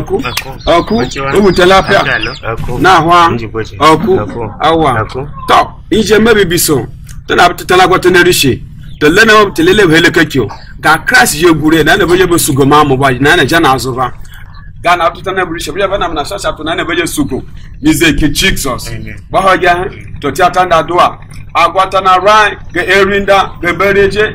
ọkụ ọkụ ewutela apịa na-ahụ ọkụ awa tọ ije mmebibi so tana gwatana rishi tele na mabu telele bu hele kekio ga kras je gure na na beje besugo ma mu baji na na ja na azuva ga na tutana bu rishi bana na shasha tu na na beje sugo mize ke jesus ba ho ja to ti atanda doa agwata na rai ga erinda ga bereje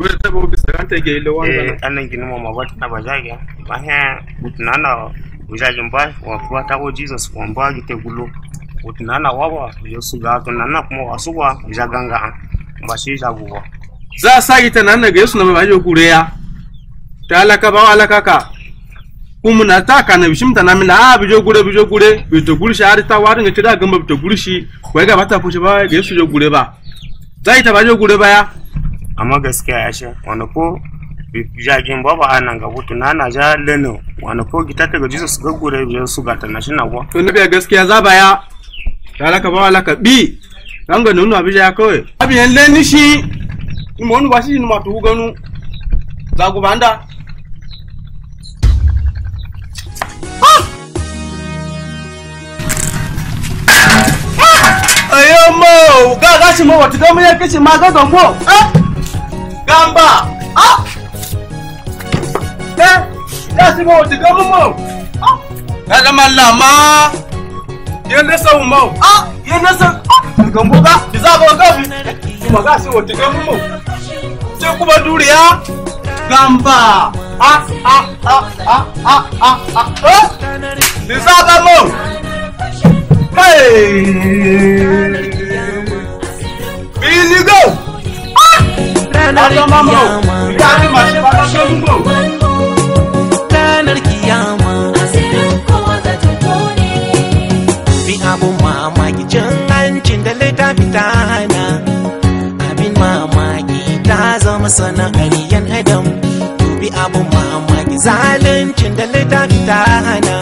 Wewe sasa ubi sagante ge ile wanga na eh, kana ngine mo mabati na bajaje. Bahe utinana ujaje mbai wafuata ko Jesus wamba gite gulo. Utinana wawa Yesu ga tunana kuma asuwa jaganga bashi jaguwa. Za a sa ita na nan ga Yesu na kure ya? Ta alaka ba alaka ka. kuma na ta kana bishim ta namin a bijo gure bijo gure bito gure shi arita warin ga tira gamba bi gure shi wai ga bata fushi ba ga Yesu jo gure ba. Za ita ba jo gure ba ya. amma gaskiya ya sha wani ko jagin baba a nan butu tuna na ja leno wani ko gita ta gaji su gaggure biyar su gata na shi na kuwa. to ni gaskiya za baya ta laka ba laka bi ran ga nuna abin ya kawai. abin yan leni shi ni ma wani ba shi ni ma tuhu ganu za ku banda. Ah! Ah! ayo mo ga shi mo wata gama ya kace ma ga zango. gàmbà á ah! ẹ ah! yàtí ah! mo ti gbọ́ mọ́ á yàtí ma là má yẹn ní sẹ́wọ̀n mọ́ á yẹn ní sẹ́wọ̀n á ìgbọ̀nbó ká ìsáàbọ̀ gáàbì mọ̀ ká sí òtí mọ́ ṣé kú bá dúró yá gàmbà á á á á á á á ó ìsáàbọ̀ mọ́ hey. Billy go! ranar kiyama ranar kiyama bi abun mamaki can hancin da littafi ta hana abin mamaki ta zama sana'ar yan adam dubi abun mamaki zaluncin da littafi ta hana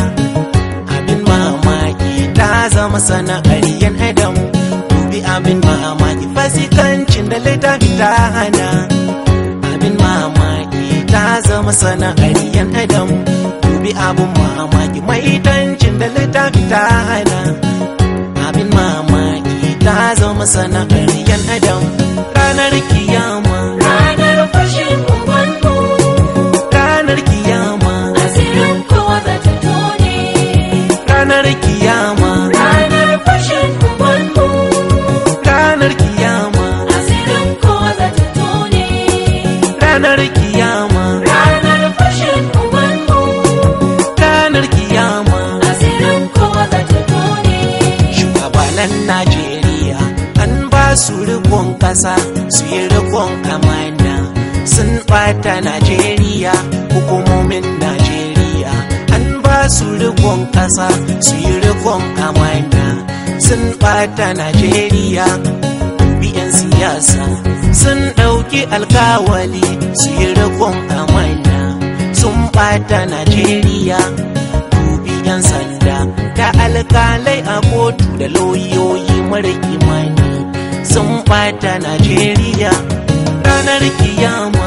abin mamaki ta zama sana'ar yan adam dubi abin mamaki fasika halittar ta hana abin mamaki ta zama sana'ar yan adam dubi abin mamaki mai da littafi ta hana abin mamaki ta zama sana'ar yan adam ranar kiyama ranar fashin ubanmu ranar kiyama asirin kowa za ta tone shugabanan najeriya an ba su rikon kasa su yi rikon amana sun bata najeriya hukumomin najeriya an ba su rikon kasa su yi rikon amana sun bata najeriya biyan siyasa sun ɗauki alkawali su yi rikon sun ɓata Najeriya dubi 'yan sanda da alkalai a kotu da lauyoyi mara imani sun ɓata Najeriya ranar kiyama.